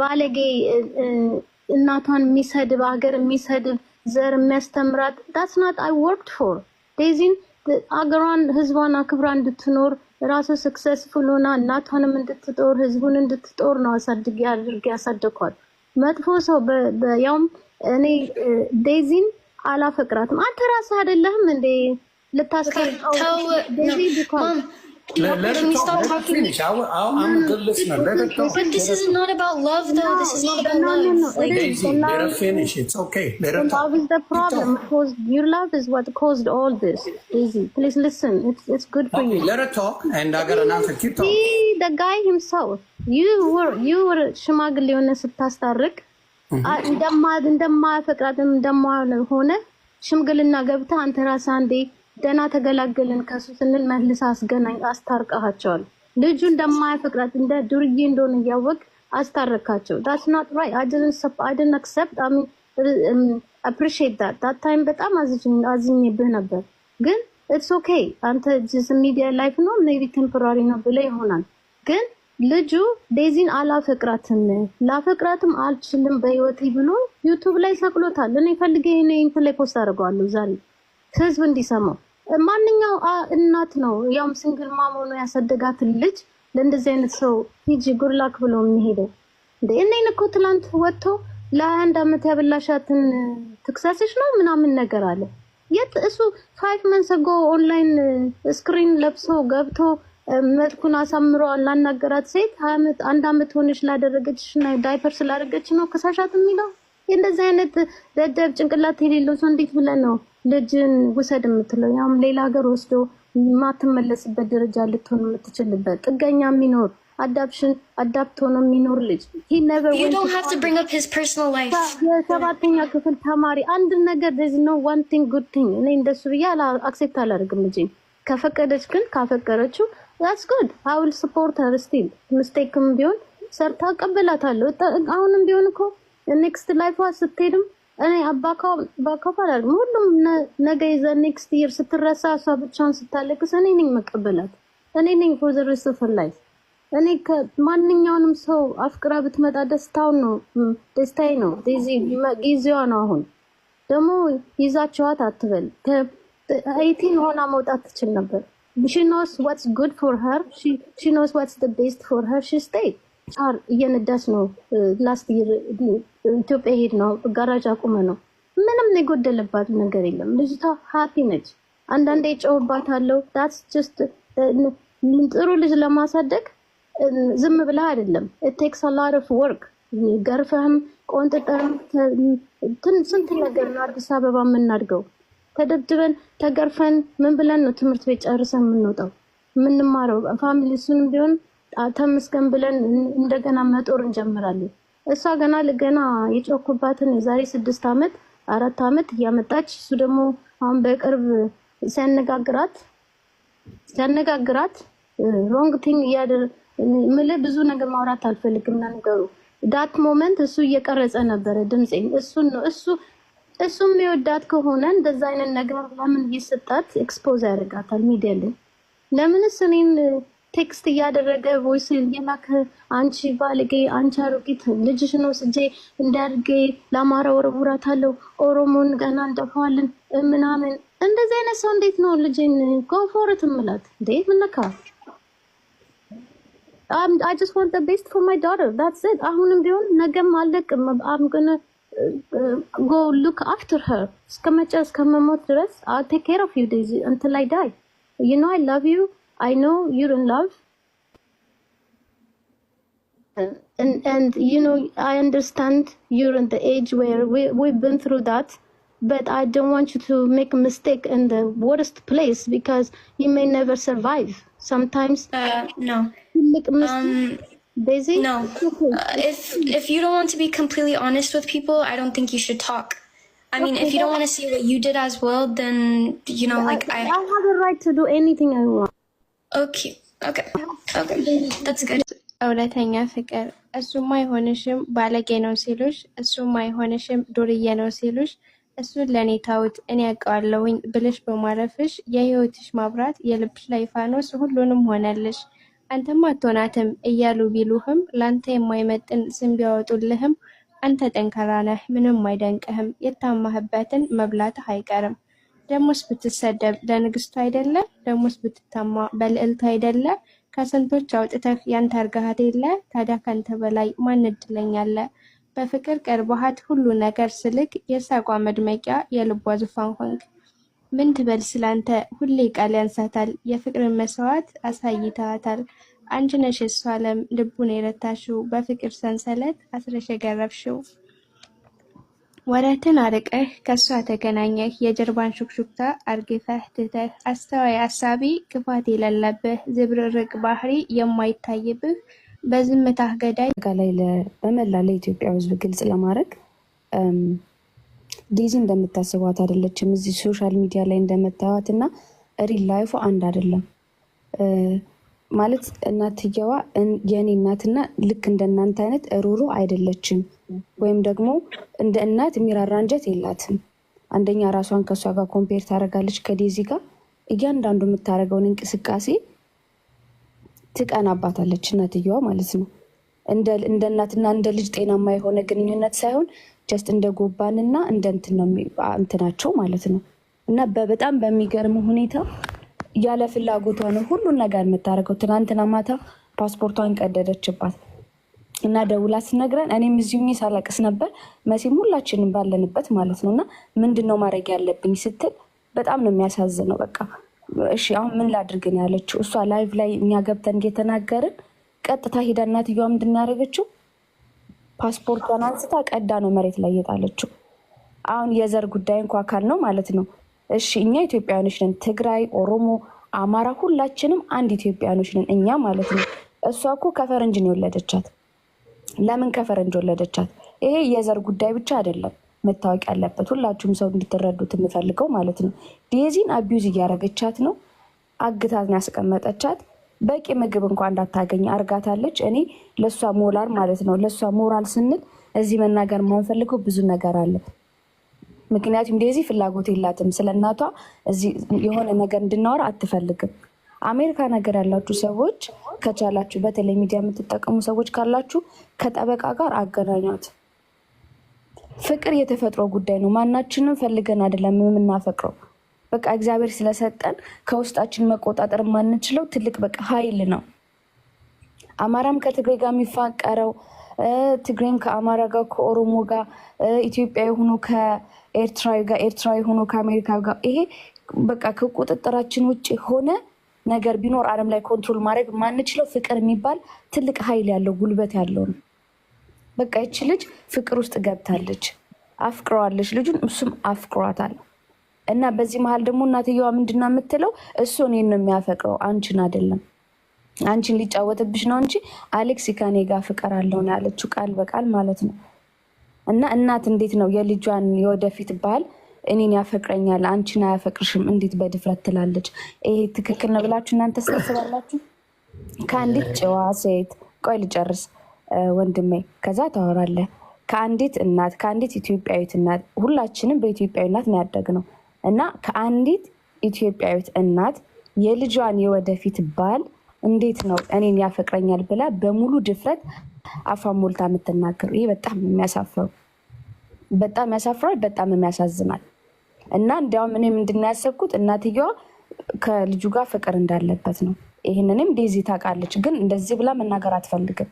ባለጌ እናቷን የሚሰድብ ሀገር የሚሰድብ ዘር የሚያስተምራት ዳትስ ናት አይ ወርክድ ፎር ዴዚን አገሯን ህዝቧን አክብራ እንድትኖር ራሱ ስክሰስፉል ሆና እናቷንም እንድትጦር ህዝቡን እንድትጦር ነው አሳድግ አድርጌ ያሳድኳል። መጥፎ ሰው ያውም እኔ ዴዚን አላፈቅራትም። አንተ ራስህ አይደለህም እንዴ ልታስቀርጠው ዴዚ Let, him talk. Let him finish. I, I, am a good listener. Let him talk. But this is not about love, though. No, this is not about no, love. No, no, no. Like, Daisy, let her finish. It's okay. Let her talk. Love is the problem. Because your love is what caused all this. Daisy, please listen. It's it's good for okay, you. Let her talk, and I got an answer. Keep talking. He, the guy himself. You were you were ሽማግሌ የሆነ ስታስታርቅ እንደማ እንደማፈቅራት እንደማ ሆነ ሽምግልና ገብታ አንተ ራስህ አንዴ ደህና ተገላገልን ከሱ ስንል መልስ አስገናኝ አስታርቃቸዋል። ልጁ እንደማያፈቅራት እንደ ዱርዬ እንደሆነ እያወቅ አስታረካቸው። ዳትስ ናት ራይት አይደን አክሰፕት አፕሪሺየት ዳት ዳት ታይም በጣም አዝኜብህ ነበር፣ ግን ኢትስ ኦኬ አንተ ጅስ ሚዲያ ላይፍ ነው ሜቢ ቴምፖራሪ ነው ብለህ ይሆናል ግን ልጁ ዴዚን አላፈቅራትም ላፈቅራትም አልችልም በህይወቴ ብሎ ዩቱብ ላይ ሰቅሎታል። እኔ ፈልጌ ይሄን ላይ ፖስት አድርገዋለሁ ዛሬ ህዝብ እንዲሰማው ማንኛው እናት ነው ያውም ሲንግል ማመኑ ሆኖ ያሳደጋትን ልጅ ለእንደዚህ አይነት ሰው ሂጂ ጉድላክ ብሎ የሚሄደው እንደ እኔን እኮ ትላንት ወጥቶ ለሀያ አንድ አመት ያበላሻትን ትክሳሴች ነው ምናምን ነገር አለ። የት እሱ ፋይቭ መንስ ኦንላይን ስክሪን ለብሶ ገብቶ መልኩን አሳምሮ ላናገራት ሴት አንድ አመት ሆነች ስላደረገች ዳይፐር ስላደረገች ነው ከሳሻት የሚለው። የእንደዚህ አይነት ደደብ ጭንቅላት የሌለው ሰው እንዴት ብለን ነው ልጅን ውሰድ የምትለው ያውም ሌላ ሀገር ወስዶ የማትመለስበት ደረጃ ልትሆን የምትችልበት ጥገኛ የሚኖር አዳፕሽን አዳፕት ሆኖ የሚኖር ልጅ የሰባተኛ ክፍል ተማሪ አንድ ነገር ኖ ዋን ቲንግ ጉድ ቲንግ እኔ እንደሱ ብዬ አክሴፕት አላደርግም። ልጅ ከፈቀደች ግን ካፈቀረችው ስ ጉድ አውል ስፖርት ርስቲል ምስቴክም ቢሆን ሰርታ ቀበላታለሁ። አሁንም ቢሆን እኮ ኔክስት ላይፏ ስትሄድም እኔ አባካባል ሁሉም ነገ ይዘ ኔክስት ይር ስትረሳ እሷ ብቻውን ስታለቅስ እኔ ነኝ መቀበላት። እኔ ነኝ ፎር ዘ ሬስት ኦፍ ላይፍ። እኔ ከማንኛውንም ሰው አፍቅራ ብትመጣ ደስታውን ነው ደስታይ ነው ጊዜዋ ነው። አሁን ደግሞ ይዛቸዋት አትበል። ኤይቲን ሆና መውጣት ትችል ነበር። ሺ ኖስ ዋትስ ጉድ ፎር ሀር ሺ ኖስ ዋትስ ቤስት ፎር ሀር ሺ ስቴይ ሳር እየነዳች ነው። ላስት ይር ኢትዮጵያ ሄድ ነው ጋራጅ አቁመ ነው። ምንም የጎደለባት ነገር የለም። ልጅቷ ሀፒ ነች። አንዳንዴ ጨውባት አለው ዳትስ ጀስት ጥሩ ልጅ ለማሳደግ ዝም ብለህ አይደለም። ቴክስ ላር ወርክ ገርፈህም ቆንጥጠህም ስንት ነገር ነው አዲስ አበባ የምናድገው። ተደብድበን ተገርፈን ምን ብለን ነው ትምህርት ቤት ጨርሰን የምንወጣው የምንማረው ፋሚሊ እሱንም ቢሆን ተመስገን ብለን እንደገና መጦር እንጀምራለን። እሷ ገና ለገና የጮኩባትን የዛሬ ስድስት ዓመት አራት ዓመት እያመጣች እሱ ደግሞ አሁን በቅርብ ሲያነጋግራት ሲያነጋግራት ሮንግ ቲንግ እያደር ምልህ ብዙ ነገር ማውራት አልፈልግም። እና ነገሩ ዳት ሞመንት እሱ እየቀረጸ ነበረ ድምፄን እሱን ነው እሱ እሱም የወዳት ከሆነ እንደዛ አይነት ነገር ለምን እየሰጣት ኤክስፖዝ ያደርጋታል ሚዲያ ላይ ለምንስ እኔን ቴክስት እያደረገ ቮይስን እየላከ አንቺ ባልጌ፣ አንቺ አሮጊት ነው ስጄ እንዳርጌ ለአማራ ወረቡራት አለው ኦሮሞን ገና እንጠፋዋለን ምናምን። እንደዚህ አይነት ሰው እንዴት ነው ልጅን ኮንፎርት ምላት እንዴ? ምነካ አይ ጀስት ቤስት ፎር ማይ ዳተር ዳትስ ኢት። አሁንም ቢሆን ነገም አለቅም አም ጎ ሉክ አፍተር ሄር እስከመጨረስ እስከመሞት ድረስ ቴክ ኬር ኦፍ ዩ ዴዚ እንትን ላይ ዳይ ዩ ኖ አይ ላቭ ዩ I know you're in love. And, and, you know, I understand you're in the age where we, we've been through that, but I don't want you to make a mistake in the worst place because you may never survive. Sometimes uh, no. make a mistake. Um... Daisy? No. Uh, if if you don't want to be completely honest with people, I don't think you should talk. I mean, if you don't want to see what you did as well, then you know, like I, I, I have a right to do anything I want. እውነተኛ ፍቅር እሱማ አይሆንሽም ባለጌ ነው ሲሉሽ፣ እሱማ አይሆንሽም ዱርዬ ነው ሲሉሽ፣ እሱን ለእኔ ታውት እኔ ያውቀዋለሁኝ ብልሽ በማረፍሽ የህይወትሽ ማብራት የልብሽ ላይ ፋኖስ ሁሉንም ሆነልሽ። አንተማ አትሆናትም እያሉ ቢሉህም ለአንተ የማይመጥን ስም ቢያወጡልህም አንተ ጠንካራ ነህ ምንም አይደንቅህም። የታማህበትን መብላትህ አይቀርም። ደሞስ ብትሰደብ ለንግስቱ አይደለም? ደሞስ ብትታማ በልዕልቱ አይደለም? ከስንቶች አውጥተህ ያንተ አርጋሃት የለ ታዲያ ከንተ በላይ ማን እድለኛለ? በፍቅር ቀርባሃት ሁሉ ነገር ስልክ የሳቋ መድመቂያ የልቧ ዙፋን ሆንክ። ምን ትበል ስላንተ ሁሌ ቃል ያንሳታል። የፍቅርን መስዋዕት አሳይተሃታል። አንቺ ነሽ የሱ ዓለም ልቡን የረታሽው በፍቅር ሰንሰለት አስረሽ የገረብሽው። ወረትን አርቀህ ከእሷ ተገናኘህ የጀርባን ሹክሹክታ አርግፈህ ትተህ አስተዋይ አሳቢ ክፋት የሌለብህ ዝብርርቅ ባህሪ የማይታይብህ በዝምታህ ገዳይ ላይ በመላ ለኢትዮጵያ ሕዝብ ግልጽ ለማድረግ ዴዚ እንደምታስቧት አይደለችም። እዚህ ሶሻል ሚዲያ ላይ እንደምታዩት እና ሪል ላይፎ አንድ አይደለም። ማለት እናትየዋ የእኔ እናትና ልክ እንደ እናንተ አይነት ሩሩ አይደለችም፣ ወይም ደግሞ እንደ እናት የሚራራ አንጀት የላትም። አንደኛ ራሷን ከእሷ ጋር ኮምፔር ታደርጋለች ከዴዚ ጋር። እያንዳንዱ የምታደርገውን እንቅስቃሴ ትቀናባታለች እናትየዋ ማለት ነው። እንደ እናትና እንደ ልጅ ጤናማ የሆነ ግንኙነት ሳይሆን ጀስት እንደ ጎባንና እንደ እንትናቸው ማለት ነው እና በጣም በሚገርም ሁኔታ ያለ ፍላጎቷ ነው ሁሉን ነገር የምታደርገው። ትናንትና ማታ ፓስፖርቷን ቀደደችባት እና ደውላ ስነግረን እኔም እዚሁ ሳለቅስ ነበር። መሲም ሁላችንም ባለንበት ማለት ነው። እና ምንድን ነው ማድረግ ያለብኝ ስትል በጣም ነው የሚያሳዝነው። በቃ እሺ አሁን ምን ላድርግን ያለችው እሷ ላይቭ ላይ እኛ ገብተን እየተናገርን ቀጥታ ሄዳ እናትየዋ ምንድን ነው ያደረገችው? ፓስፖርቷን አንስታ ቀዳ ነው መሬት ላይ የጣለችው። አሁን የዘር ጉዳይ እንኳ አካል ነው ማለት ነው። እሺ እኛ ኢትዮጵያኖች ነን። ትግራይ፣ ኦሮሞ፣ አማራ ሁላችንም አንድ ኢትዮጵያኖች ነን እኛ ማለት ነው። እሷ እኮ ከፈረንጅ ነው የወለደቻት። ለምን ከፈረንጅ ወለደቻት? ይሄ የዘር ጉዳይ ብቻ አይደለም መታወቅ ያለበት ሁላችሁም ሰው እንድትረዱት የምፈልገው ማለት ነው። ዴዚን አቢዩዝ እያደረገቻት ነው። አግታትን ያስቀመጠቻት በቂ ምግብ እንኳን እንዳታገኝ አርጋታለች። እኔ ለእሷ ሞራል ማለት ነው ለእሷ ሞራል ስንል እዚህ መናገር የማንፈልገው ብዙ ነገር አለ። ምክንያቱም ዴዚ ፍላጎት የላትም ስለ እናቷ እዚህ የሆነ ነገር እንድናወራ አትፈልግም። አሜሪካ ነገር ያላችሁ ሰዎች ከቻላችሁ፣ በተለይ ሚዲያ የምትጠቀሙ ሰዎች ካላችሁ ከጠበቃ ጋር አገናኟት። ፍቅር የተፈጥሮ ጉዳይ ነው። ማናችንም ፈልገን አይደለም የምናፈቅረው። በቃ እግዚአብሔር ስለሰጠን ከውስጣችን መቆጣጠር የማንችለው ትልቅ በቃ ኃይል ነው። አማራም ከትግሬ ጋር የሚፋቀረው ትግሬም ከአማራ ጋር ከኦሮሞ ጋር ኢትዮጵያ የሆኑ ኤርትራዊ ጋር ኤርትራዊ ሆኖ ከአሜሪካ ጋር ይሄ በቃ ከቁጥጥራችን ውጭ ሆነ ነገር ቢኖር ዓለም ላይ ኮንትሮል ማድረግ ማንችለው ፍቅር የሚባል ትልቅ ኃይል ያለው ጉልበት ያለው ነው። በቃ ይች ልጅ ፍቅር ውስጥ ገብታለች፣ አፍቅረዋለች፣ ልጁን እሱም አፍቅሯታል። እና በዚህ መሀል ደግሞ እናትየዋ ምንድና የምትለው እሱ እኔን ነው የሚያፈቅረው አንቺን አይደለም፣ አንቺን ሊጫወትብሽ ነው እንጂ አሌክስ ከኔ ጋር ፍቅር አለው ነው ያለችው ቃል በቃል ማለት ነው። እና እናት እንዴት ነው የልጇን የወደፊት ባል እኔን ያፈቅረኛል አንቺን አያፈቅርሽም እንዴት በድፍረት ትላለች? ይሄ ትክክል ነው ብላችሁ እናንተ ስታስባላችሁ? ከአንዲት ጨዋ ሴት ቆይ ልጨርስ ወንድሜ፣ ከዛ ታወራለህ። ከአንዲት እናት ከአንዲት ኢትዮጵያዊት እናት ሁላችንም በኢትዮጵያዊ እናት ነው ያደግነው እና ከአንዲት ኢትዮጵያዊት እናት የልጇን የወደፊት ባል እንዴት ነው እኔን ያፈቅረኛል ብላ በሙሉ ድፍረት አፏን ሞልታ የምትናገሩ? ይህ በጣም የሚያሳፍረው በጣም ያሳፍራል፣ በጣም የሚያሳዝናል። እና እንዲያውም እኔ ምንድን ያሰብኩት እናትየዋ ከልጁ ጋር ፍቅር እንዳለበት ነው። ይህንንም ዴዚ ታውቃለች፣ ግን እንደዚህ ብላ መናገር አትፈልግም።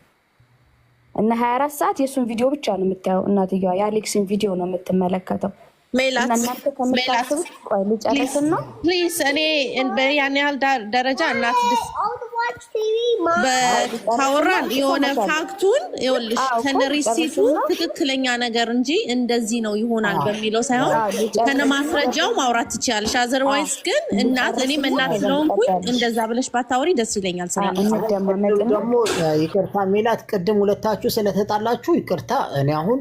እና ሀያ አራት ሰዓት የእሱን ቪዲዮ ብቻ ነው የምታየው እናትየዋ፣ የአሌክስን ቪዲዮ ነው የምትመለከተው። ሜላት ልጨርስና እኔ ያን ያህል ደረጃ እናት ካወራን የሆነ ፋክቱን ይኸውልሽ ከነ ሪሲቱ ትክክለኛ ነገር እንጂ እንደዚህ ነው ይሆናል በሚለው ሳይሆን ከነ ማስረጃው ማውራት ትችያለሽ። አዘርዋይስ ግን እናት እኔም እናት ስለሆንኩኝ እንደዛ ብለሽ ባታወሪ ደስ ይለኛል። ስለደግሞ ይቅርታ ሜላት፣ ቅድም ሁለታችሁ ስለተጣላችሁ ይቅርታ። እኔ አሁን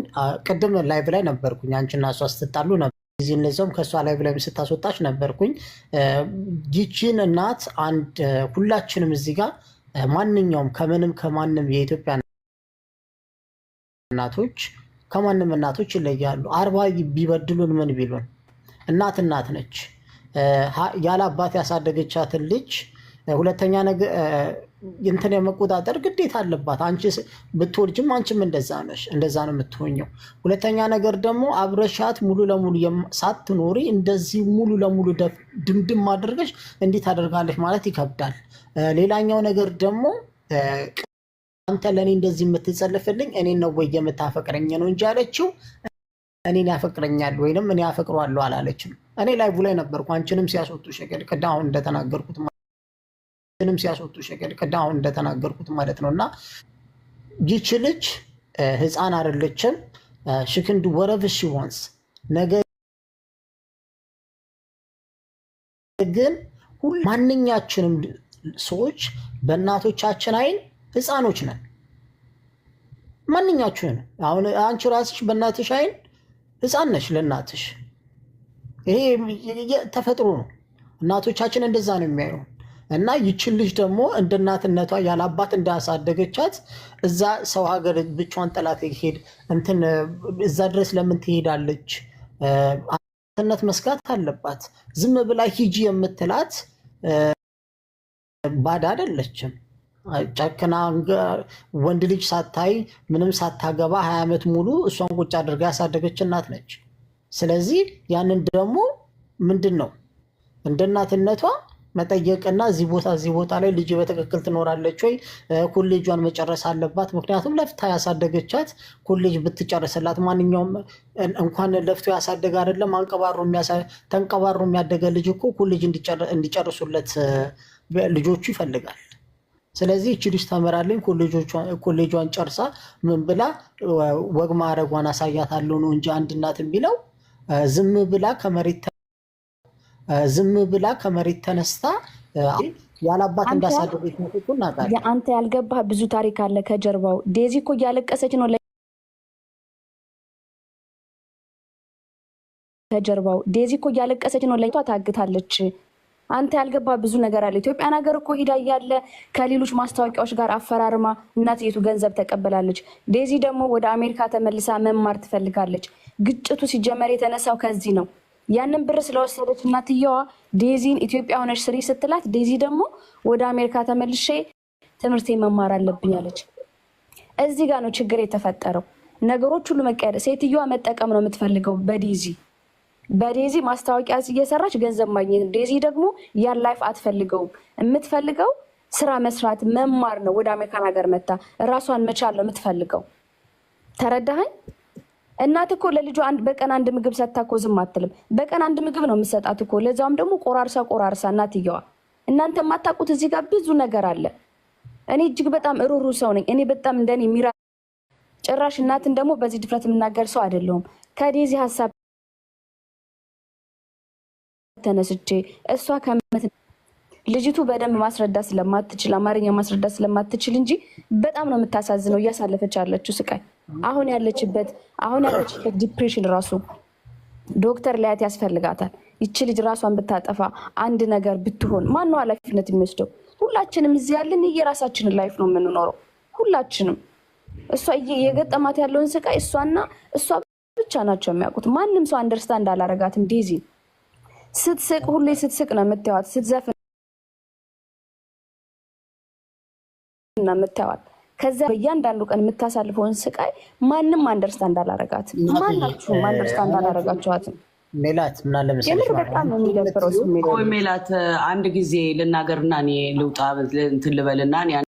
ቅድም ላይቭ ላይ ነበርኩኝ አንቺና እሷ ስትጣሉ ነበር። ጊዜ ለዛውም ከእሷ ላይ ብለም ስታስወጣች ነበርኩኝ። ይቺን እናት አንድ ሁላችንም እዚህ ጋር ማንኛውም ከምንም ከማንም የኢትዮጵያ እናቶች ከማንም እናቶች ይለያሉ። አርባ ቢበድሉን ምን ቢሉን እናት እናት ነች። ያለ አባት ያሳደገቻትን ልጅ ሁለተኛ ነገር እንትን የመቆጣጠር ግዴታ አለባት። አንቺ ብትወልጅም አንቺም እንደዛ ነሽ፣ እንደዛ ነው የምትሆኘው። ሁለተኛ ነገር ደግሞ አብረሻት ሙሉ ለሙሉ ሳትኖሪ እንደዚህ ሙሉ ለሙሉ ድምድም አድርገሽ እንዴት ታደርጋለች ማለት ይከብዳል። ሌላኛው ነገር ደግሞ አንተ ለእኔ እንደዚህ የምትጸልፍልኝ እኔን ነው ወይ የምታፈቅረኝ ነው እንጂ አለችው። እኔን ያፈቅረኛል ወይንም እኔ ያፈቅሯለሁ አላለችም። እኔ ላይ ላይ ነበርኩ አንቺንም ሲያስወጡ ሸገል ቅዳ አሁን እንደተናገርኩት ምንም ሲያስወጡ ሸቀል ቅድም አሁን እንደተናገርኩት ማለት ነው። እና ይች ልጅ ህፃን አይደለችም። ሽክንድ ወረቭ ሽወንስ ነገር ግን ማንኛችንም ሰዎች በእናቶቻችን አይን ህፃኖች ነን። ማንኛችሁን አሁን አንቺ ራስሽ በእናትሽ አይን ህፃን ነች ለእናትሽ። ይሄ ተፈጥሮ ነው። እናቶቻችን እንደዛ ነው የሚያዩ እና ይችን ልጅ ደግሞ እንደ እናትነቷ ያለ አባት እንዳሳደገቻት እዛ ሰው ሀገር ብቻዋን ጥላት ሄድ እንትን እዛ ድረስ ለምን ትሄዳለች? አባትነት መስጋት አለባት። ዝም ብላ ሂጂ የምትላት ባዳ አይደለችም። ጨክና ወንድ ልጅ ሳታይ ምንም ሳታገባ ሀያ ዓመት ሙሉ እሷን ቁጭ አድርጋ ያሳደገች እናት ነች። ስለዚህ ያንን ደግሞ ምንድን ነው እንደ እናትነቷ መጠየቅና እዚህ ቦታ እዚህ ቦታ ላይ ልጅ በትክክል ትኖራለች ወይ? ኮሌጇን መጨረስ አለባት። ምክንያቱም ለፍታ ያሳደገቻት ኮሌጅ ብትጨርስላት ማንኛውም እንኳን ለፍቶ ያሳደገ አይደለም አንቀባሮ ተንቀባሮ የሚያደገ ልጅ እኮ ኮሌጅ እንዲጨርሱለት ልጆቹ ይፈልጋል። ስለዚህ እቺ ልጅ ተምራለኝ ኮሌጇን ጨርሳ ምን ብላ ወግ ማዕረጓን አሳያታለሁ ነው እንጂ አንድ እናት የሚለው ዝም ብላ ከመሬት ዝም ብላ ከመሬት ተነስታ ያላባት እንዳሳደገች ነው እኮ አንተ ያልገባህ ብዙ ታሪክ አለ ከጀርባው። ዴዚ እኮ እያለቀሰች ነው ከጀርባው። ዴዚ እኮ እያለቀሰች ነው ለቷ ታግታለች። አንተ ያልገባ ብዙ ነገር አለ። ኢትዮጵያን ሀገር እኮ ሂዳ እያለ ከሌሎች ማስታወቂያዎች ጋር አፈራርማ እናትየቱ ገንዘብ ተቀበላለች። ዴዚ ደግሞ ወደ አሜሪካ ተመልሳ መማር ትፈልጋለች። ግጭቱ ሲጀመር የተነሳው ከዚህ ነው። ያንን ብር ስለወሰደች እናትየዋ ዴዚን ኢትዮጵያ ሆነች ስሪ ስትላት፣ ዴዚ ደግሞ ወደ አሜሪካ ተመልሼ ትምህርቴ መማር አለብኝ አለች። እዚህ ጋር ነው ችግር የተፈጠረው። ነገሮች ሁሉ መቀየር፣ ሴትዮዋ መጠቀም ነው የምትፈልገው በዴዚ በዴዚ ማስታወቂያ እየሰራች ገንዘብ ማግኘት። ዴዚ ደግሞ ያን ላይፍ አትፈልገውም። የምትፈልገው ስራ መስራት፣ መማር ነው። ወደ አሜሪካን ሀገር መታ እራሷን መቻል ነው የምትፈልገው። ተረዳኸኝ? እናት እኮ ለልጇ በቀን አንድ ምግብ ሰጥታ እኮ ዝም አትልም። በቀን አንድ ምግብ ነው የምሰጣት እኮ ለዛውም ደግሞ ቆራርሳ ቆራርሳ እናትየዋ። እናንተ የማታውቁት እዚህ ጋር ብዙ ነገር አለ። እኔ እጅግ በጣም እሩሩ ሰው ነኝ። እኔ በጣም እንደኔ የሚራ ጭራሽ እናትን ደግሞ በዚህ ድፍረት የምናገር ሰው አይደለሁም። ከዴዚ ሀሳብ ተነስቼ እሷ ከመት ልጅቱ በደንብ ማስረዳት ስለማትችል አማርኛ ማስረዳት ስለማትችል እንጂ በጣም ነው የምታሳዝነው እያሳለፈች ያለችው ስቃይ አሁን ያለችበት አሁን ያለችበት ዲፕሬሽን ራሱ ዶክተር ሊያት ያስፈልጋታል። ይቺ ልጅ ራሷን ብታጠፋ አንድ ነገር ብትሆን ማነው ኃላፊነት የሚወስደው? ሁላችንም እዚህ ያለን የራሳችንን ላይፍ ነው የምንኖረው። ሁላችንም እሷ የገጠማት ያለውን ስቃይ እሷና እሷ ብቻ ናቸው የሚያውቁት። ማንም ሰው አንደርስታንድ አላረጋትም። ዴዚ ስትስቅ ሁሌ ስትስቅ ነው የምታዩዋት፣ ስትዘፍን ነው የምታዩዋት። ከዚያ በእያንዳንዱ ቀን የምታሳልፈውን ስቃይ ማንም አንደርስታንድ አላረጋት ማናችሁም አንደርስታንድ አላረጋችኋትም። ሜላት ምና ለምሳሌ በጣም ነው የሚደብረው። ሜላት አንድ ጊዜ ልናገርና ልውጣ እንትን ልበልና